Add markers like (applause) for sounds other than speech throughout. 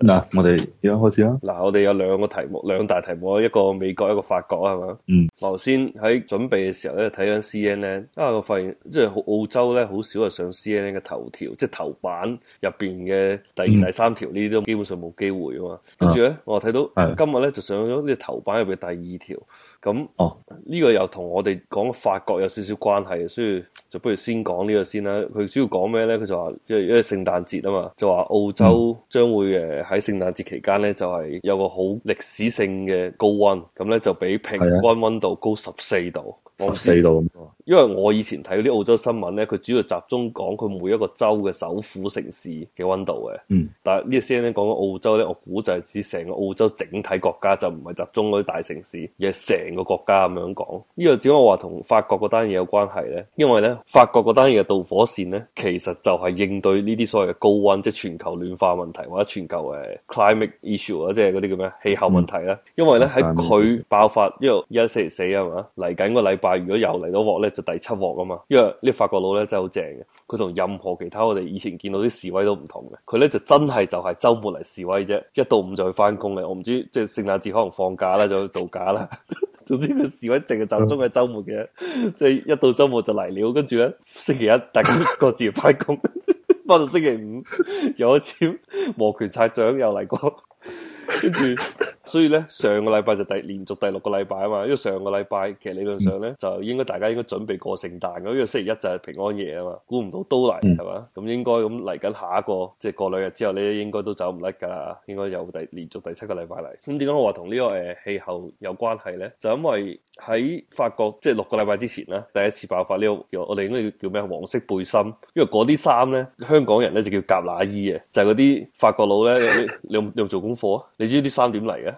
嗱，我哋點樣開始啊？嗱，我哋有兩個題目，兩大題目，一個美國，一個法國，係嘛？嗯。我頭先喺準備嘅時候咧，睇緊 C N N，啊，我發現即係澳洲咧，好少係上 C N N 嘅頭條，即係頭版入邊嘅第二、嗯、第三條呢啲，都基本上冇機會啊嘛。跟住咧，我睇到、啊、今日咧就上咗呢個頭版入邊第二條，咁哦呢個又同我哋講法國有少少關係，所以就不如先講呢個先啦。佢主要講咩咧？佢就話，即係因為聖誕節啊嘛，就話澳洲將會誒。喺聖誕節期間咧，就係有個好歷史性嘅高溫，咁咧就比平均溫度高十四度。十四度，因為我以前睇啲澳洲新聞咧，佢主要集中講佢每一個州嘅首府城市嘅溫度嘅。嗯，但係呢個先咧講澳洲咧，我估就係指成個澳洲整體國家就唔係集中嗰啲大城市，而係成個國家咁樣講。呢個只不過我話同法國嗰單嘢有關係咧？因為咧法國嗰單嘢嘅導火線咧，其實就係應對呢啲所謂嘅高溫，即係全球暖化問題或者全球誒 climate issue 啊，即係啲叫咩氣候問題啦。因為咧喺佢爆發呢個一四四係嘛嚟緊個禮。如果又嚟到鑊咧，就第七鑊啊嘛，因為呢、呢個法國佬咧真係好正嘅，佢同任何其他我哋以前見到啲示威都唔同嘅，佢咧就真係就係周末嚟示威啫，一到五就去翻工嘅，我唔知即係聖誕節可能放假啦，就去度假啦。 (laughs) 總之佢示威淨係集中喺周末嘅，即係 (laughs) 一到周末就嚟了，跟住咧星期一大家各自翻工，翻 (laughs) 到星期五有一又一招摩拳擦掌又嚟過，跟住。所以咧，上個禮拜就第連續第六個禮拜啊嘛，因為上個禮拜其實理論上咧，就應該大家應該準備過聖誕嘅，因為星期一就係平安夜啊嘛，估唔到都嚟係嘛，咁應該咁嚟緊下一個，即係過兩日之後咧，應該都走唔甩㗎啦，應該有第連續第七個禮拜嚟。咁點解我話同呢個誒氣候有關係咧？就因為喺法國即係六個禮拜之前咧，第一次爆發呢個我哋應該叫咩黃色背心，因為嗰啲衫咧，香港人咧就叫夾乸衣嘅，就係嗰啲法國佬咧，你有，有做功課啊？你知呢啲衫點嚟嘅？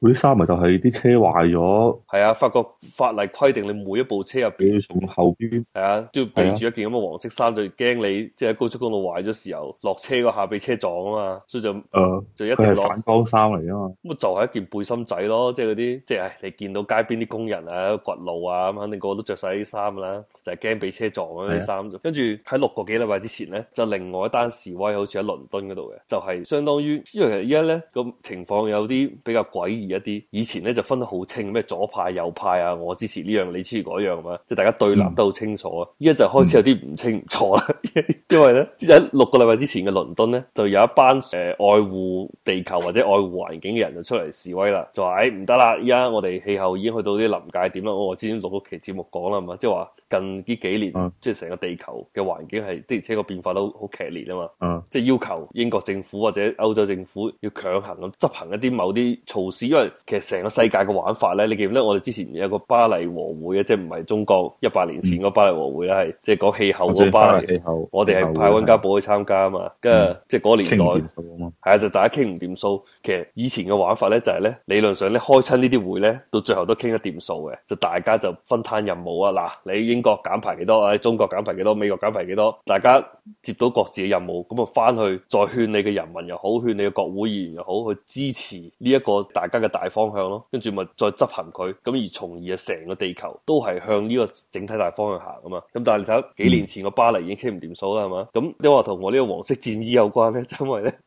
嗰啲衫咪就係啲車壞咗，係啊，法國法例規定你每一部車入邊要從後邊，係啊，都要備住一件咁嘅黃色衫是、啊，就驚你即係喺高速公路壞咗時候落車個下俾車撞啊嘛，所以就誒，呃、就一定攞反光衫嚟啊嘛，咁啊就係一件背心仔咯，即係嗰啲，即係、哎、你見到街邊啲工人啊，掘路啊，咁肯定個個都着晒啲衫啦，就係驚俾車撞是啊啲衫，跟住喺六個幾禮拜之前咧，就另外一單示威，好似喺倫敦嗰度嘅，就係、是、相當於，因為其實依家咧個情況有啲比較詭異一啲，以前咧就分得好清咩左派右派啊，我支持呢樣，你支持嗰樣啊，即、就、係、是、大家對立得好清楚。啊。依家就開始有啲唔清唔楚啦， (laughs) 因為咧喺六個禮拜之前嘅倫敦咧，就有一班誒、呃、愛護地球或者愛護環境嘅人就出嚟示威、哎、啦，就話唔得啦，依家我哋氣候已經去到啲臨界點啦。我之前錄咗期節目講啦嘛，即係話近呢幾年，即係成個地球嘅環境係的而且確變化都好劇烈啊嘛，即係、嗯、要求英國政府或者歐洲政府要強行咁執行一啲某啲。籌事，因為其實成個世界嘅玩法咧，你記唔記得我哋之前有個巴黎和會嘅，即係唔係中國一百年前個巴黎和會咧，係、嗯、即係講氣候巴黎氣候。我哋係派溫家寶去參加啊嘛，跟住、嗯、即係嗰年代，係啊，就係、大家傾唔掂數。其實以前嘅玩法咧就係咧，理論上咧開親呢啲會咧，到最後都傾得掂數嘅，就大家就分攤任務啊。嗱，你英國減排幾多？你，中國減排幾多？美國減排幾多？大家接到各自嘅任務，咁啊翻去再勸你嘅人民又好，勸你嘅國會議員又好，去支持呢、這、一個。大家嘅大方向咯，跟住咪再執行佢，咁而從而啊，成個地球都係向呢個整體大方向行啊嘛。咁但係你睇，幾年前個巴黎已經傾唔掂數啦，係嘛？咁你話同我呢個黃色戰衣有關咧？因為咧，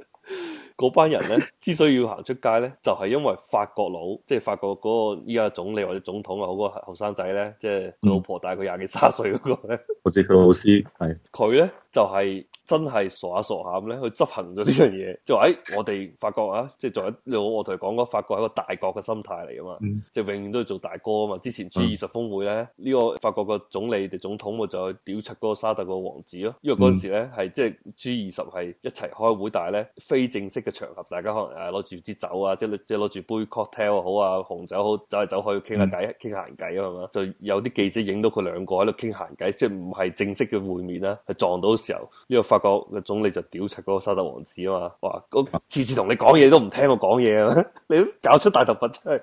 嗰 (laughs) 班人咧之所以要行出街咧，就係、是、因為法國佬，即、就、係、是、法國嗰個依家總理或者總統啊，好個後生仔咧，即係佢老婆大佢廿幾三十歲嗰、那個咧，好似佢老師係佢咧就係、是。真係傻下傻下咁咧，去執行咗呢樣嘢，就係、是、喺、哎、我哋法國啊，即係在我我同你講過，法國係一個大國嘅心態嚟㗎嘛，嗯、即係永遠都係做大哥啊嘛。之前 G 二十峰會咧，呢、啊、個法國個總理定、啊、總統就屌柒個沙特個王子咯，因為嗰陣時咧係即係 G 二十係一齊開會，但係咧非正式嘅場合，大家可能誒攞住支酒啊，即係即係攞住杯 cocktail 好啊，紅酒好，走嚟走去傾下偈，傾下閒偈啊嘛，就有啲記者影到佢兩個喺度傾閒偈，即係唔係正式嘅會面啦，係撞到時候呢個法個總理就屌柒嗰個沙特王子啊嘛，哇！次次同你講嘢都唔聽我講嘢，你都搞出大頭佛出嚟，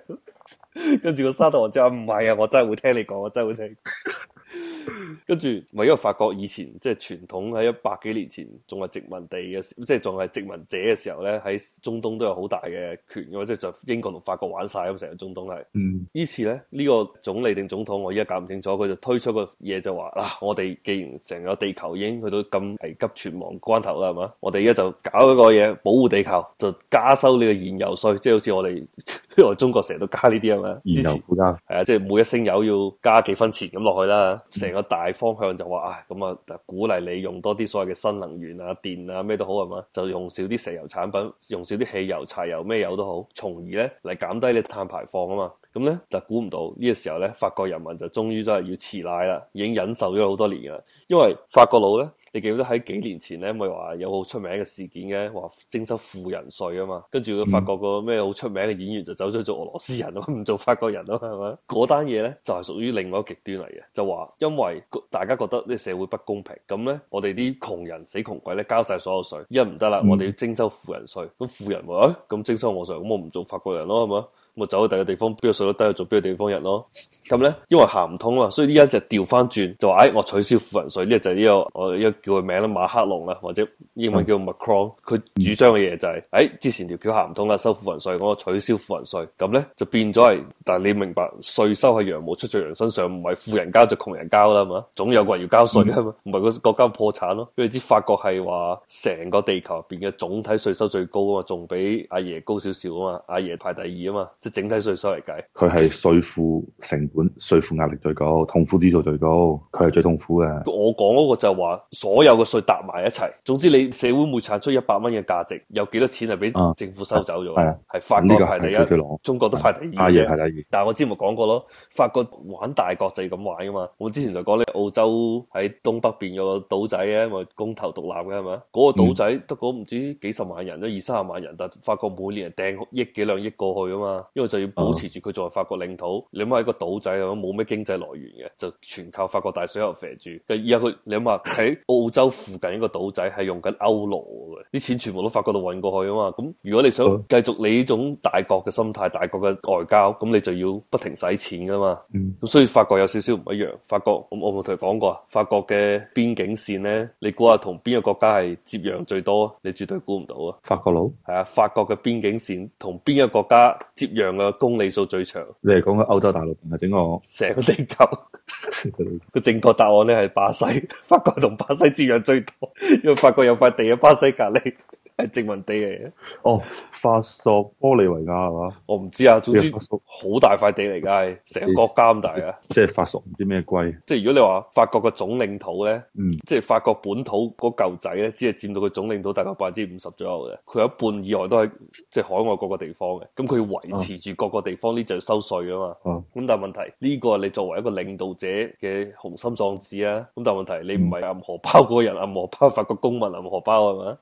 (laughs) 跟住個沙特王子話，唔係啊，我真係會聽你講，我真係會聽。 (laughs) 跟住，咪因為法國以前即係傳統喺一百幾年前仲係殖民地嘅，即係仲係殖民者嘅時候咧，喺中東都有好大嘅權嘅，即係就英國同法國玩晒咁成個中東係。嗯，於是咧呢、這個總理定總統，我而家搞唔清楚，佢就推出個嘢就話嗱、啊，我哋既然成個地球已經去到咁危急存亡關頭啦，係嘛，我哋而家就搞一個嘢保護地球，就加收呢個燃油稅，即係好似我哋因 (laughs) 我中國成日都加呢啲啊嘛，支持附加，係啊，即、就、係、是、每一升油要加幾分錢咁落去啦，成個大。大方向就話啊，咁啊就鼓勵你用多啲所謂嘅新能源啊、電啊咩都好係，嘛，就用少啲石油產品，用少啲汽油、柴油咩油都好，從而咧嚟減低你碳排放啊嘛。咁咧就估唔到呢個時候咧，法國人民就終於真係要辭奶啦，已經忍受咗好多年啦，因為法國佬咧。你記得喺幾年前咧，咪話有好出名嘅事件嘅，話徵收富人稅啊嘛，跟住佢發覺個咩好出名嘅演員就走咗去做俄羅斯人咯，唔做法國人咯，係咪？嗰單嘢咧就係屬於另外一個極端嚟嘅，就話因為大家覺得啲社會不公平，咁咧我哋啲窮人死窮鬼咧交晒所有稅，依家唔得啦，嗯、我哋要徵收富人稅，咁富人喂，咁徵收我稅，咁我唔做法國人咯，係咪？我走咗第二個地方，邊個稅率低去做邊個地方人咯。咁咧，因為行唔通啊，所以呢家就調翻轉，就話，哎，我取消富人稅。呢個就呢個，我一叫佢名啦，馬克龍啦，或者英文叫 Macron。佢主張嘅嘢就係，哎，之前條橋行唔通啦，收富人稅，我取消富人稅。咁咧就變咗係，但係你明白，稅收係羊毛出在羊身上，唔係富人交就窮人交啦嘛。總有個人要交稅啊嘛，唔係個國家破產咯。因為你知法國係話成個地球入邊嘅總體稅收最高啊嘛，仲比阿爺高少少啊嘛，阿爺排第二啊嘛。即整體稅收嚟計，佢係稅負成本、稅負壓力最高，痛苦指數最高，佢係最痛苦嘅。我講嗰個就係話，所有嘅稅搭埋一齊，總之你社會每產出一百蚊嘅價值，有幾多錢係俾政府收走咗？係啊，係、啊、法國排第一，中國都排第二嘅。但係我之前咪講過咯，法國玩大國際咁玩啊嘛。我之前就講你澳洲喺東北邊有個島仔咧，咪公投獨立嘅係嘛。嗰、那個島仔得嗰唔知幾十萬人，都二三十萬人，但法國每年掟億幾兩億過去啊嘛。因為就要保持住佢作為法國領土，嗯、你諗下一個島仔冇咩經濟來源嘅，就全靠法國大水又肥住。而家佢你諗下喺澳洲附近一個島仔係用緊歐羅嘅，啲錢全部都法國度運過去啊嘛。咁如果你想繼續你呢種大國嘅心態、大國嘅外交，咁你就要不停使錢噶嘛。咁、嗯、所以法國有少少唔一樣。法國，嗯、我我冇同你講過啊，法國嘅邊境線咧，你估下同邊個國家係接壤最多？你絕對估唔到啊！法國佬係啊，法國嘅邊境線同邊個國家接壤？長公里數最長。你係講緊歐洲大陸定係整個成個地球？ (laughs) 個正確答案咧係巴西，法國同巴西接壤最多，因為法國有塊地喺巴西隔籬。係殖民地嚟嘅，哦，法屬玻利維亞係嘛？我唔知啊，總之好大塊地嚟噶，係成個國家咁大啊。即係法屬唔知咩龜？ (laughs) 即係如果你話法國嘅總領土咧，嗯，即係法國本土嗰嚿仔咧，只係佔到佢總領土大概百分之五十左右嘅，佢有一半以外都係即係海外各個地方嘅。咁佢要維持住各個地方，呢、啊、就要收稅噶嘛。咁、啊、但係問題呢、這個你作為一個領導者嘅雄心壯志啊。咁但係問題你唔係暗荷包嗰個人，暗荷包法國公民，暗荷包係咪？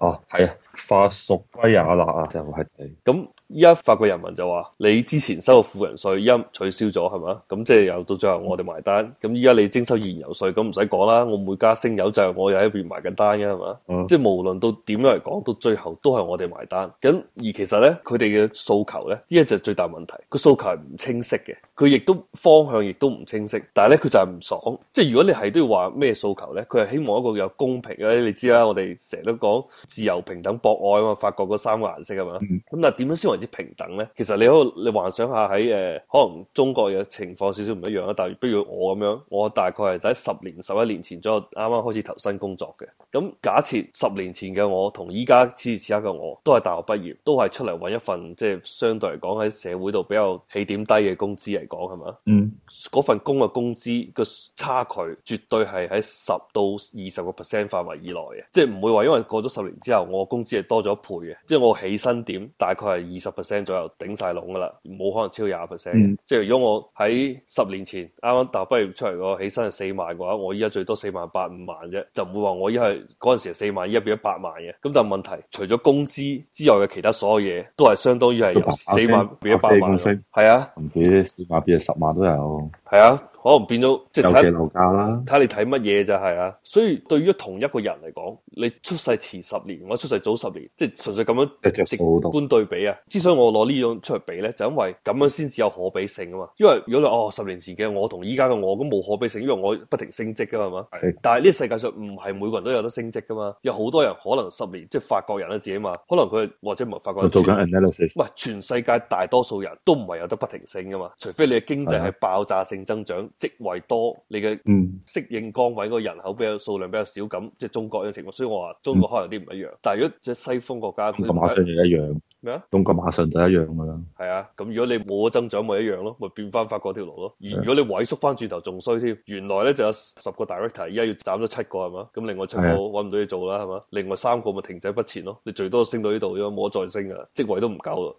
哦、啊，係。法屬圭亞那啦啊，就係、是、咁。依家法國人民就話：你之前收個富人稅，一取消咗，係嘛？咁即係又到最後我哋埋單。咁依家你徵收燃油稅，咁唔使講啦，我每家升油就係我又一邊埋緊單嘅，係嘛？嗯、即係無論到點樣嚟講，到最後都係我哋埋單。咁而其實咧，佢哋嘅訴求咧，呢一就係最大問題。個訴求係唔清晰嘅，佢亦都方向亦都唔清晰。但係咧，佢就係唔爽。即係如果你係都要話咩訴求咧，佢係希望一個有公平嘅。你知啦，我哋成日都講自由，平等博愛啊嘛，法國嗰三個顏色係嘛？咁、嗯、但係點樣先為之平等咧？其實你可你幻想下喺誒、呃，可能中國嘅情況少少唔一樣啦。但係不如我咁樣，我大概係喺十年、十一年前左右，啱啱開始投身工作嘅。咁假設十年前嘅我同依家此時此刻嘅我，都係大學畢業，都係出嚟揾一份即係相對嚟講喺社會度比較起點低嘅工資嚟講係嘛？嗯，嗰份工嘅工資嘅差距絕對係喺十到二十個 percent 範圍以內嘅，即係唔會話因為過咗十年之後我。我工資係多咗一倍嘅，即係我起薪點大概係二十 percent 左右頂晒籠噶啦，冇可能超廿 percent。即係如果我喺十年前啱啱大畢業出嚟嘅起身係四萬嘅話，我依家最多四萬八五萬啫，就唔會話我依家係嗰陣時係四萬，依家變咗八萬嘅。咁就係問題除咗工資之外嘅其他所有嘢都係相當於係四萬變一百萬，係啊，唔止四萬變係十萬都有，係啊，可能變咗即係睇樓價啦，睇你睇乜嘢就係啊。所以對於同一個人嚟講，你出世遲十年，我出就早十年，即係純粹咁樣直觀對比啊！之所以我攞呢種出嚟比咧，就因為咁樣先至有可比性啊嘛。因為如果你哦十年前嘅我同依家嘅我咁冇可比性，因為我不停升職噶係嘛。的但係呢世界上唔係每個人都有得升職噶嘛。有好多人可能十年即係法國人啦，自己嘛，可能佢或者唔係法國人，人做緊喂，全世界大多數人都唔係有得不停升噶嘛，除非你嘅經濟係爆炸性增長，的職位多，你嘅適應崗位嗰人口比較數量比較少咁，即係中國嘅情況。所以我話中國可能有啲唔一樣，嗯、但如果即係西方國家，中國馬上就一樣咩啊？中國馬上就一樣噶啦。係啊，咁如果你冇增長咪一樣咯，咪變翻法國條路咯。啊、而如果你萎縮翻轉頭仲衰添，原來咧就有十個 director，而家要斬咗七個係嘛，咁另外七個揾唔到嘢做啦係嘛，另外三個咪停滯不前咯。你最多升到呢度，如果冇得再升噶，職位都唔夠。